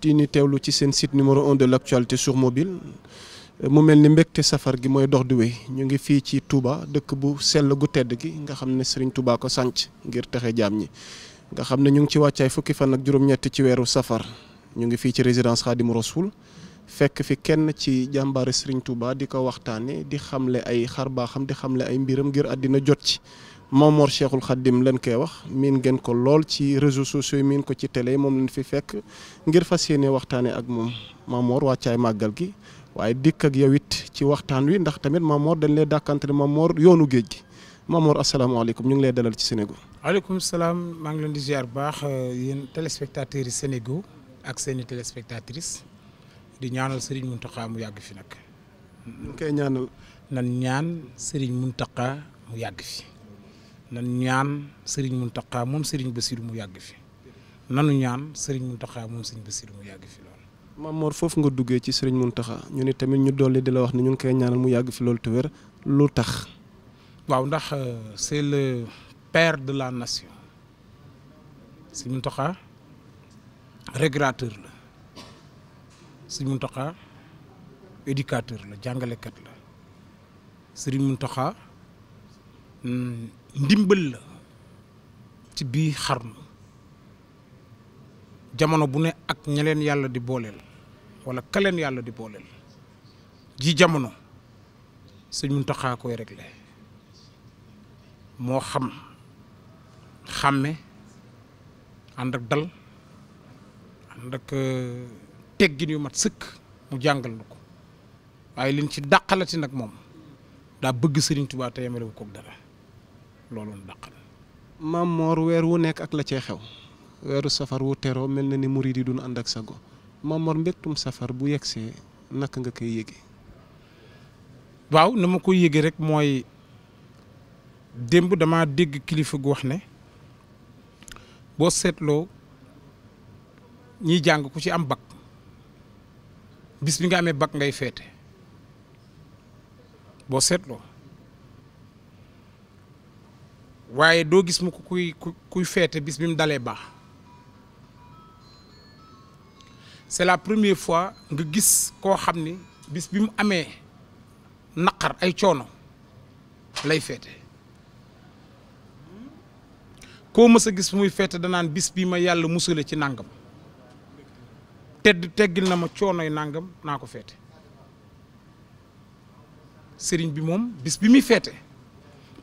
di ni teewlu ci seen site numéro un de l' actualité sur mobile mu mel ni mbégte safar gi mooy dox di ñu ngi fii ci Touba dëkk bu sell gu tedd gi nga xam ne Serigne Touba ko sànc ngir texe jaam ñi nga xam ne ñu ngi ci wàccaay fukki fan ak juróom-ñett ci weeru safar ñu ngi fii ci résidence Khadim Rasoul fekk fi kenn ci jàmbaari Serigne Touba di ko waxtaane di xamle ay xar baaxam di xamle ay mbiram ngir àddina jot ci Mamor Cheikhul Khadim leen koy wax miin ngeen ko lool ci réseaux sociaux yi miin ko ci télé moom leen fi fekk ngir fas yéene waxtaanee ak moom Mamor wàccaay màggal gi waaye dikk ak yow it ci waxtaan wi ndax tamit Mamor dañ lay dàkkante ne Mamor yoonu géej gi Mamor asalaamaaleykum ñu ngi lay dalal ci Sénégal. waaleykum salaam maa ngi leen di ziar bu baax euh, yéen téléspectateurs yi Sénégal ak seeni téléspectatrices di ñaanal Serigne Mountakha mu yàgg fi nag. ñu koy ñaanal. nan ñaan Serigne Mountakha mu yàgg fi. nan ñaan Serigne Mountakha moom seriñ Serigne Bassirou mu yàgg fi nanu ñaan Serigne Mountakha moom Serigne Bassirou mu yàgg fi lool. Mame foofu nga duggee ci seriñ Serigne Mountakha ñu ni tamit ñu dolli di la wax ni ñu ngi koy ñaanal mu yàgg fi loolu te lu tax. waaw ndax euh, c'est le père de la nation Serigne Mountakha régulateur la Serigne Mountakha éducateur la jàngalekat la Serigne Hmm, ndimbal la ci bii xarnu jamono bu ne ak ña leen yàlla di booleel wala ka leen yàlla di booleel ji jamono sëñ Muntaxa koy réglé moo xam xàmme ànd ak dal ànd ak euh, teggin yu mat sëkk mu jàngal na ko waaye liñ ci dàqalati nag moom daa bëgg Sëriñ Tuubaa te yemelewu ko dara loolu la maam Mor weer wu nekk ak la cee xew weeru safar wu teroo mel na ni murid yi ànd ak sago maam Mor mbégtum safar bu yegsee naka nga koy yége waaw na ma koy yége rek mooy démb dama dégg kilifa gu wax ne boo seetloo ñiy jàng ku ci am bag bis bi nga amee bac ngay feete boo seetloo waaye doo gis mu ko kuy kuy feete bis bi mu dalee baax c'est la première fois nga gis koo xam ni bis bi mu amee naqar ay coono lay feete koo mës a gis muy feete danaan bis bi ma yàlla musale ci nàngam tedd teggil na ma coonoy nangam naa ko feete sëriñ bi moom bis bi muy feete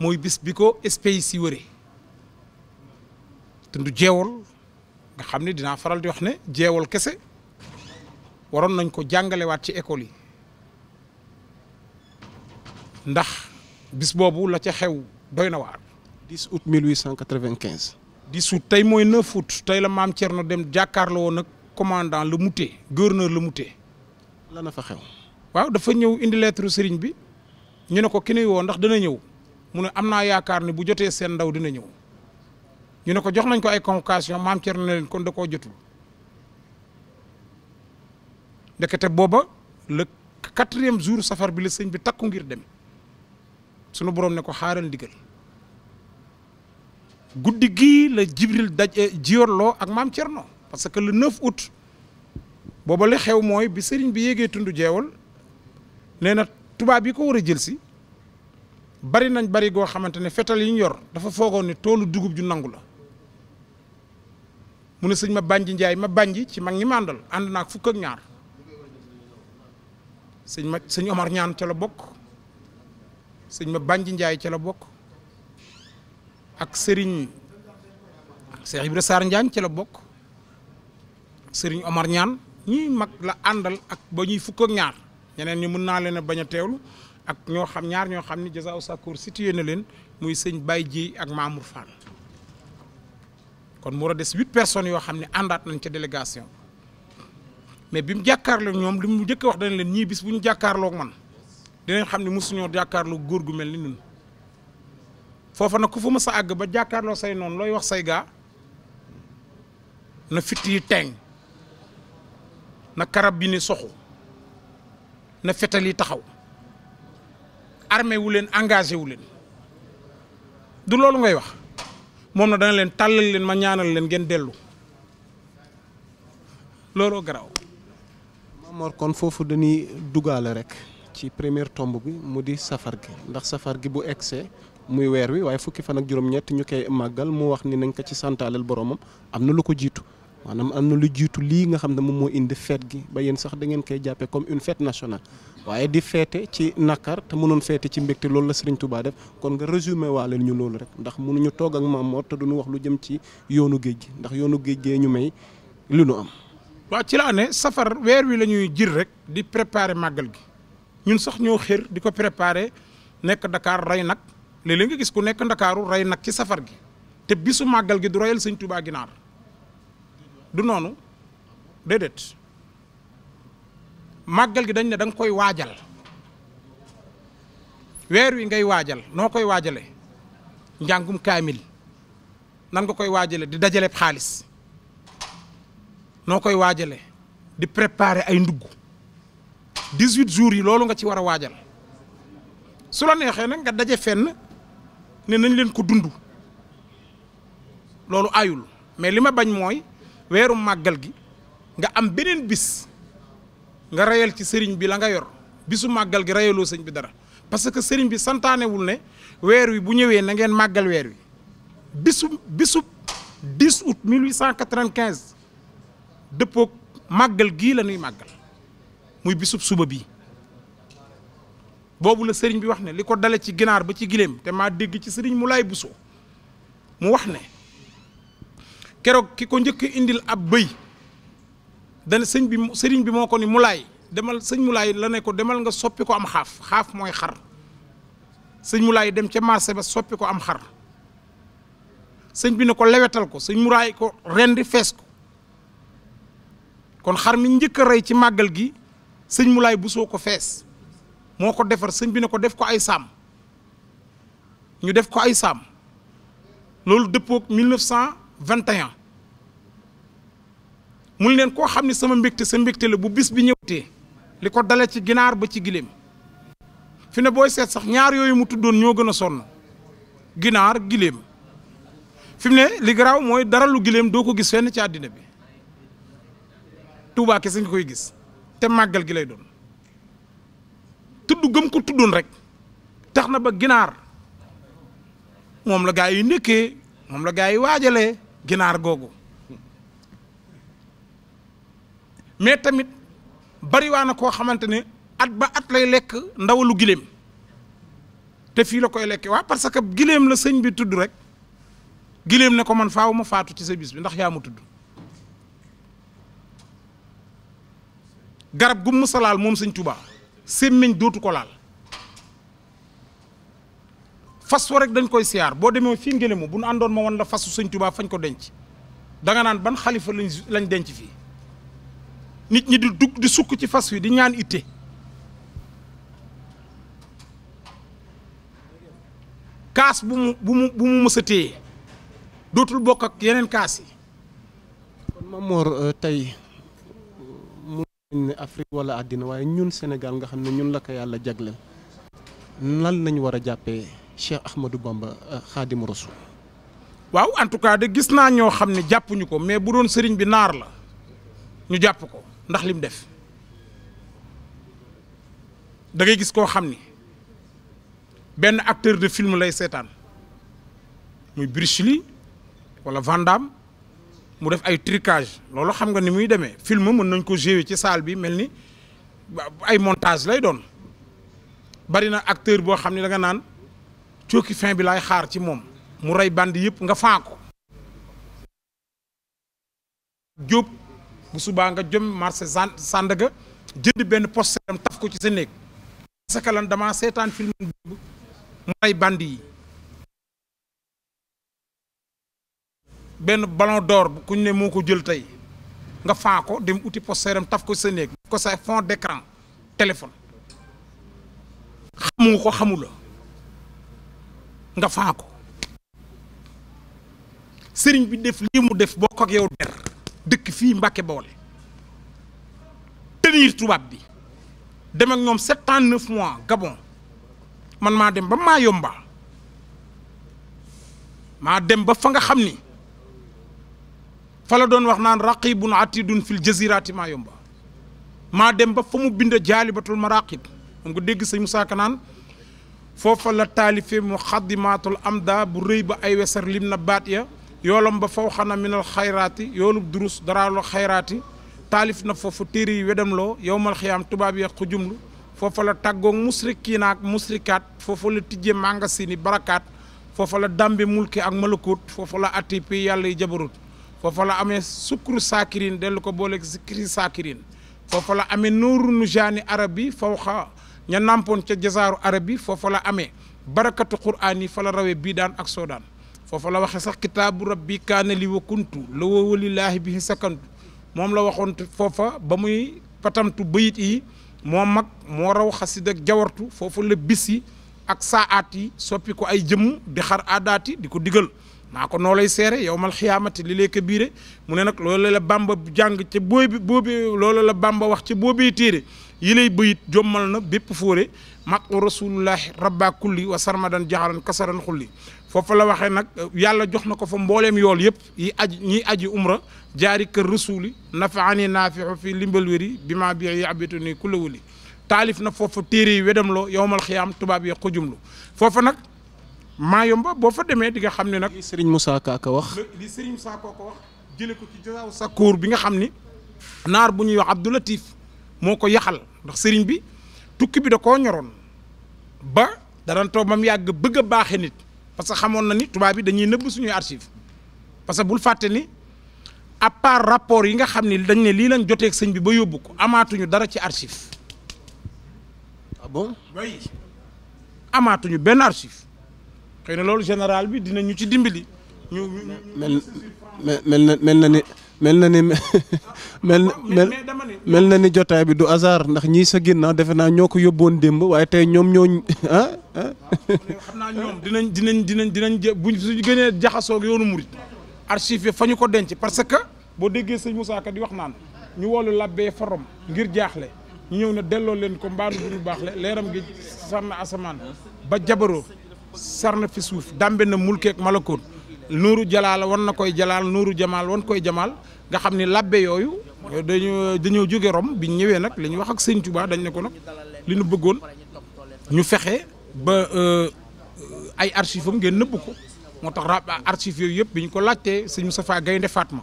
mooy bis bi ko espèces yi wëree tund jeewal nga xam ni dinaa faral di wax ne jeewal kese waroon nañ ko jàngalewaat ci école yi ndax bis boobu la ca xew doy na waat 10 août 1895. 10 août tey mooy 9 août tey la maam Thierno dem jàkkaarloo woon nag commandant la Mouté gouverneur la Mouté. la na fa xew. waaw dafa ñëw indi lettre sëriñ bi ñu ne ko ki nuy woo ndax dana ñëw. mu ne am naa yaakaar ne bu jotee seen ndaw dina ñëw ñu ne ko jox nañ ko ay convocation maam Thierno ne leen kon da koo jotul ndekete booba le quatrième jour safar bi la sëñ bi takku ngir dem sunu borom ne ko xaaral ndigal guddi gii la Jibril daj eh, loo ak maam Thierno parce que le 9 août booba li xew mooy bi sëriñ bi yéegee tund jeewal nee na tubaab yi ko war a jël si bari nañ bari goo xamante ne fetal yi ñu yor dafa foogoon ni toolu dugub ju nangu la mu ne sëñ ma bànji njaay ma bànji ci mag ñi màndal ànd fukk ak ñaar sëñ ma sëñ Omar la bokk sëñ ma bànji njaay ca bokk ak sëriñ Cheikh Ibra Sarr Njaañ bokk sëriñ Omar ñaan mag la àndal ak ba ñuy fukk ak ñeneen ñi mën naa leen a bañ a teewlu ak ñoo xam ñaar ñoo xam ni Jazaaw Sakkoor situé na leen muy sëñ Baye Dieye ak Mamour Fall kon mu war a des huit personnes yoo xam ne àndaat nañ ca délégation mais bi mu jàkkaarloo ñoom li mu njëkk wax dana leen ñii bis bu ñu jàkkaarloog man dinañ xam ne mësuñoo jàkkaarloo góor gu mel ni ñun foofa nag ku fa mës a àgg ba jàkkaarloo say noon looy wax say gaa na fitt yi teeŋ na karab bi ni soxu na fetal yi taxaw armé wu leen engagé wu leen du loolu ngay wax moom na dana leen tàllal leen ma ñaanal leen ngeen dellu looloo garaaw. Mamor kon foofu dañuy dugaale rek ci première tomb bi mu di safar gi ndax safar gi bu egsee muy weer wi waaye fukki fan ak juróom-ñett ñu koy màggal mu wax ni nañ ko ci santaaleel boromam am na lu ko jiitu. maanaam am na lu jiitu lii nga xam ne moom moo indi fête gi ba yéen sax da ngeen koy jàppee comme une fête nationale waaye di feete ci nakar te mënoon feete ci mbégte loolu la Serigne Touba def kon nga résumé waale ñu loolu rek ndax mënuñu toog ak Maam moo te duñu wax lu jëm ci yoonu géej gi ndax yoonu géej gee ñu may li nu am. waa ci laa ne safar weer wi la ñuy jir rek di préparer màggal gi ñun sax ñoo xër di ko préparer nekk ndakaar rey nag léeg nga gis ku nekk Ndakaaru rey nag ci safar gi te bisu màggal gi du reyal Serigne Touba ginaar. du noonu déedéet màggal gi dañ ne da nga koy waajal weer wi ngay waajal noo koy waajale njàngum kaamil nanga koy waajale di dajale xaalis noo koy waajale di préparer ay ndugg 18 jours yi loolu nga ci war a waajal su la neexee nag nga daje fenn ne nañ leen ko dund loolu ayul mais li ma bañ mooy weeru màggal gi nga am beneen bis nga rayal ci sëriñ bi la nga yor bisu màggal gi rayaloo sëñ bi dara parce que sëriñ bi santaanewul ne weer wi bu ñëwee na ngeen màggal weer wi bisu bisu 10 août 1895 dëppoog màggal gii lanuy màggal muy bisu suba bi boobu la sëriñ bi wax ne li ko dale ci ginaar ba ci giléem te maa dégg ci sëriñ mu laay busoo mu wax ne keroog ki ko njëkk indil ab bëy dana sëñ bi sëriñ bi moo ko ni mulaay demal sëñ mulaay la ne ko demal nga soppi ko am xaaf xaaf mooy xar sëñ mulaay dem ca marché ba soppi ko am xar sëñ bi ne ko lewetal ko sëñ mulaay ko rendi fees ko kon xar mi njëkk a rey ci màggal gi sëñ mulaay busoo ko fees moo ko defar sëñ bi ne ko def ko ay saam ñu def ko ay saam loolu dëppoog 1900 vingt et un mun leen koo xam ne sama mbégte sa mbégte la bu bis bi ñëwtee li ko dale ci ginaar ba ci giléem fi ne booy seet sax ñaar yooyu mu tuddoon ñoo gën a sonn ginaar giléem fi mu ne li garaaw mooy dara lu giléem doo ko gis fenn ci àddina bi Tuubaa kese nga koy gis te màggal gi lay doon tudd gëm ko tuddoon rek tax na ba ginaar moom la gaa yi nekkee moom la gaa yi waajale ginaar googu mais tamit bariwaa na koo xamante ne at ba at lay lekk ndawalu giléem te fii la koy lekke waa parce que giléem la sëñ bi tudd rek giléem ne ko man faaw ma faatu ci sa bis bi ndax yaa ma tudd garab gu mu laal moom sëñ Tuubaa sémmiñ dootu ko laal fas wa rek dañ koy siyaar boo demee fii Ngélémou bu nu àndoon ma wan la fasu sëñ Tuubaa fañ ko denc danga naan ban xalifa lañ lañ denc fii nit ñi di dugg di sukk ci fas wi di ñaan itte kaas bu mu bu mu bu mu dootul bokk ak yeneen kaas yi. kon Mamor euh, tey mu ne Afrique wala àddina waaye ñun Sénégal nga xam ne ñun la ko yàlla jagleel nan lañ war a jàppee. Cheikh Ahmadou Bamba xaadimu euh, rasul waaw en tout cas de gis naa ñoo xam ne jàppuñu ko mais bu doon sëriñ bi naar la ñu jàpp ko ndax lim def dangay gis koo xam ni benn acteur de film lay seetaan muy Bruce Lee wala Van mu def ay trucage loolu xam nga ni muy demee film mën nañ ko jouer ci salle bi mel ni ay montage lay doon bari na acteur boo xam ne danga naan cooki fin bi laay xaar ci moom mu rey bandi yëpp nga faa ko jóob bu subaa nga jëm marché Sandaga jënd benn posteram taf ko ci sa néeg parce que lan seetaan film boobu mu rey bandi yi benn ballon d'or ku ñu ne moo ko jël tey nga faa ko dem uti posteram taf ko ci sa néeg ko sa fond d'écran téléphone xamu ko xamula nga faa ko sëriñ bi def lii mu def bokk ak yow der dëkk fii Mbàkke Bawol tenir tubaab bi dem ak ñoom sept neuf mois Gabon man maa dem ba maa yomba maa dem ba fa nga xam ni fala doon wax naan raqibun atidun fil jazirati maa yomba maa dem ba fa mu bind jaalibatul maraqib moom ko dégg sëñ Musaa Ka naan foofa la taalife mu xaddimaatul amda bu rëy ba ay wesar lim na baat ya yoolam ba faw xana minal xayraati yoolub durus daraaloo xayraati taalif na foofu téere yi loo yowmal xiyaam tubaab ya xujumlu foofa la tàggoog musrikiina ak musrikaat foofa la tijje màngasini barakaat foofa la dambe mulki ak malakoot foofa la atti yàlla yi jabarut foofa la sukkuru saakirin dellu ko booleeg sikri saakirin foofa la amee nujaani arab bi fawxa ña nàmpoon ca jasaaru arab bi foofa la amee barakatu quraan fala rawee bii daan ak soodaan foofa la waxee sax kitaabu rabbi kaana li wakkuntu kuntu la wawalilaahi bi sakantu moom la waxoon foofa ba muy patamtu bayit yi moo mag moo raw xasid ak jawartu foofa la bis ak saaat yi soppi ko ay jëmm di xar aadaat di ko digal maa ko noo lay seere yow mal xiyaamati li lay ko biire mu ne nag loolu la bàmba jàng ca booy bi boobi loolu la bàmba wax ca boobee téere yi lay jommal na bépp fóore maq u rasulullahi rabba kulli wa sarmadan jaxaran kasaran xulli foofu la waxee nag yàlla jox na ko fa mbooleem yool yëpp yi aji ñiy aji umra jaari kër rasuli nafaani naafixu fi limbal wéri bi maa bi yabitu ni kulawuli taalif na foofa téere yi wedam loo yowmal xiyaam tubaab yi xujumlu foofa nag Maayomba boo fa demee di nga xam ne nag. li Serigne Moussa Kaka wax. li Serigne Moussa Kaka wax ko ci Jasaaw Sakkoor bi nga xam ni naar bu ñuy wax Abdou Latif moo ko yaxal ndax sëriñ bi tukki bi da koo ñoroon ba danañ toog ba mu yàgg bëgg a baaxee nit parce que xamoon na ni tubaab bi dañuy nëbb suñuy archive parce que bul fàtte ni à part rapport yi nga xam ni dañ ne lii lañ joteek sëñ bi ba yóbbu ko amaatuñu dara ci archive ah bon oui amaatuñu benn archive xëy loolu général bi dinañu ci dimbali. ñu mel mel na mel na ni mel na ni mel mel na ni jotaay bi du hasard ndax ñii sa ginnaaw defe naa ñoo ko yóbboon démb waaye tey ñoom ñoo ah ah. xam naa ñoom dinañ dinañ dinañ dinañ buñ suñu gënee jaxasoog yoonu murit archive fa ñu ko denc parce que boo déggee sëñ Moussa Ka di wax naan ñu woolu labbee forom ngir jaaxle ñu ñëw na delloo leen ko mbaanu bu baax le leeram gi sànn asamaan ba jabaroo sar na fi suuf dàmbe na mulkeek malakoon nuuru jalaala wan na koy jalaal nuuru jamaal wan koy jamaal nga xam ni làbbe yooyu dañu dañoo jóge rom bi ñu ñëwee nag li ñu wax ak sëñ Tuubaa dañ ne ko nag li ñu bëggoon ñu fexe ba euh, ay archives am ngeen nëbb ko moo tax rab archives yooyu yëpp bi ñu ko laajtee sëñ Moustapha Gaynde Fatma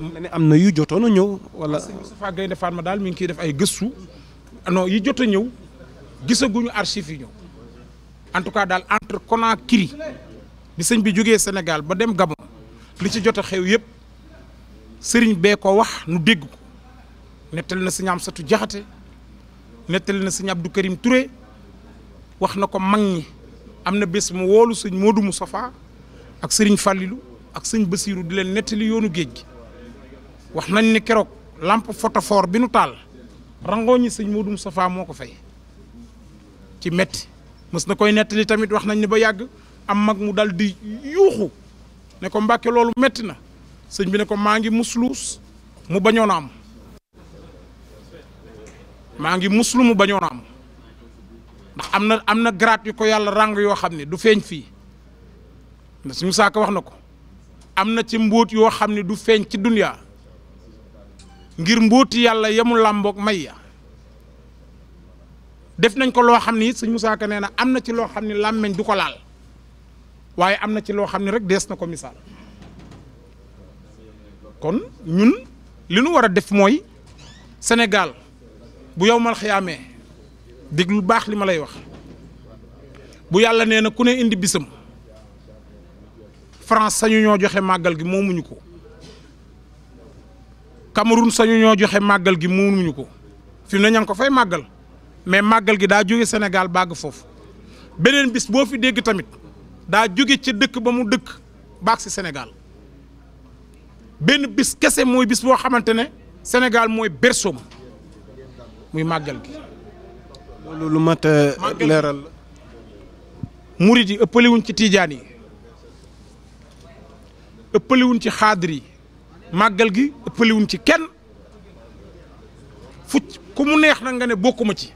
ne am na yu jotoon a ñëw wala sëñ Moustapha Gaynde ma daal mi ngi ciy def ay gëstu non yi jot a ñëw gisaguñu archives yi ñëw en tout cas daal entre Conakry bi sëñ bi jógee Sénégal ba dem Gabon li ci jot a xew yëpp sëriñ bee ko wax nu dégg ko nettali na sëñ satu Jaxate nettali na sëñ du Karim Touré wax na ko mag ñi am na bés mu woolu sëñ mu Moustapha ak sëriñ Fallilou ak sëñ Basiiru di leen nettali yoonu géej gi wax nañ ni keroog lampe fotofoor bi nu taal rangoo ñi sëñ Modou Moustapha moo ko fay ci metti mës na koy nettali tamit wax nañ ne ba yàgg am mag mu dal di yuuxu ne ko mbàkke loolu metti na sëñ bi ne ko maa ngi musluus mu bañoon a am maa ngi muslu mu bañoon a am ndax am na am na grade yu ko yàlla ràng yoo xam ne du feeñ fii na suñu saaka wax na ko am na ci mbóot yoo xam ne du feeñ ci duniyaa ngir mbóoti yàlla yemul làmboog may ya def nañ ko loo xam ni sëñ Moussa Ka nee na am na ci loo xam ni làmmeñ du ko laal waaye am na ci loo xam ni rek dees na ko misaal kon ñun li nu war a def mooy Sénégal bu yow mal xiyaamee dégg lu baax li ma lay wax bu yàlla nee na ku ne indi bisam France sañu ñoo joxe màggal gi moomuñu ko Cameroun sañu ñoo joxe màggal gi moomuñu ko fi na ne ngi ko fay màggal. mais màggal gi daa jóge Sénégal bàgg foofu beneen bis boo fi dégg tamit daa jóge ca dëkk ba mu dëkk baax si Sénégal benn bis kese mooy bis boo xamante ne Sénégal mooy bersoom muy màggal gi. loolu lu mat a leeral. murit yi ci tiijaan yi ëppaliwuñ ci xaadir yi màggal gi ëppaliwuñ ci kenn fu ku mu neex na nga ne bokkuma ci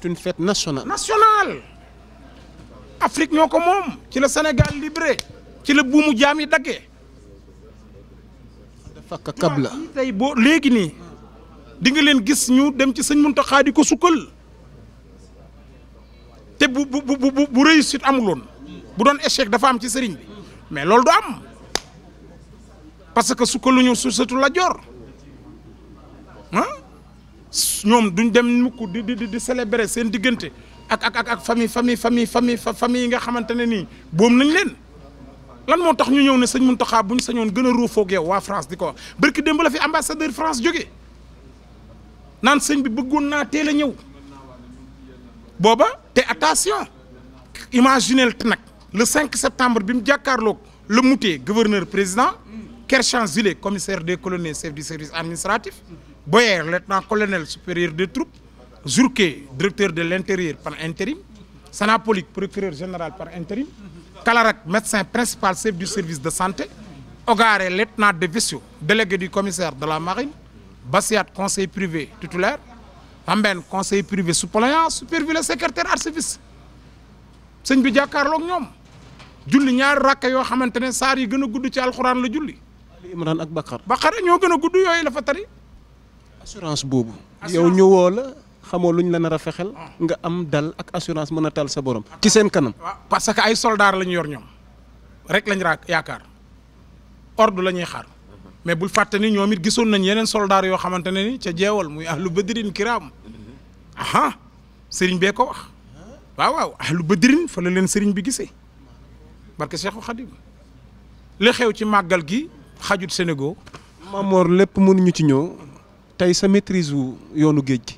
c'est une fête nationale. Afrique ñoo ko moom ci la Sénégal libre ci la buumu jaam yi daggee. dafa ka kab la tey léegi nii di nga leen gis ñu dem ci sëñ Muntaxa di ko sukkal te bu bu bu bu bu réussite amuloon bu doon échec dafa am ci sëriñ bi mais loolu du am parce que sukkaluñu su sëtu la jor ñoom duñ dem mukk di di di célébrer seen diggante ak ak ak ak famille famille famille famille famille yi nga xamante ne nii boom nañ leen lan moo tax ñu ñëw ne sëñ Mountakha buñ sañoon gën a ruufoog yow waa France di ko wax barki démb la fi ambassadeur France jógee naan sëñ bi bëggoon naa teel a ñëw booba te attention imaginel te nag le 5 septembre bi mu jàkkaarloog Le Moutier gouverneur président Kershan Zile commissaire des colonies chef du service administratif Boyer, lieutenant-colonel supérieur des troupes, Jourquet, directeur de l'intérieur par intérim, Sanapolic, procureur général par intérim, Kalarac, médecin principal chef du service de santé, Ogare, lieutenant de vaisseau, délégué du commissaire de la marine, Bassiat, conseil privé titulaire, Amben, conseil privé suppléant, supervise le secrétaire archiviste. sëñ bi jàkkaarloog ñoom julli ñaari rakka yoo xamante ne saar yi gën a gudd ci alxuraan la julli. Imran ak Bakar. Bakar ñoo gën a gudd yooyu la fa assurance boobu. yow ñu woo la xamoo luñ la nar a fexel. Ah. nga am dal ak assurance mën a tal sa borom. ci seen kanam. Ah, parce que ay soldats lañu yor ñoom rek lañ raak yaakaar ordre la ñuy xaar mais bul fàtte ñoom it gisoon nañ yeneen soldats yoo xamante ne ni ca jeewal muy lu badrin kiraam aha sëriñ bee ko wax waaw waaw ahlu badrin fa la leen sëriñ bi gisee barke Seexu Xadim li xew ci màggal gi xajut Sénégal. Mamor lépp mënuñu ci ñëw. tey sa maîtrise wu yoonu géej gi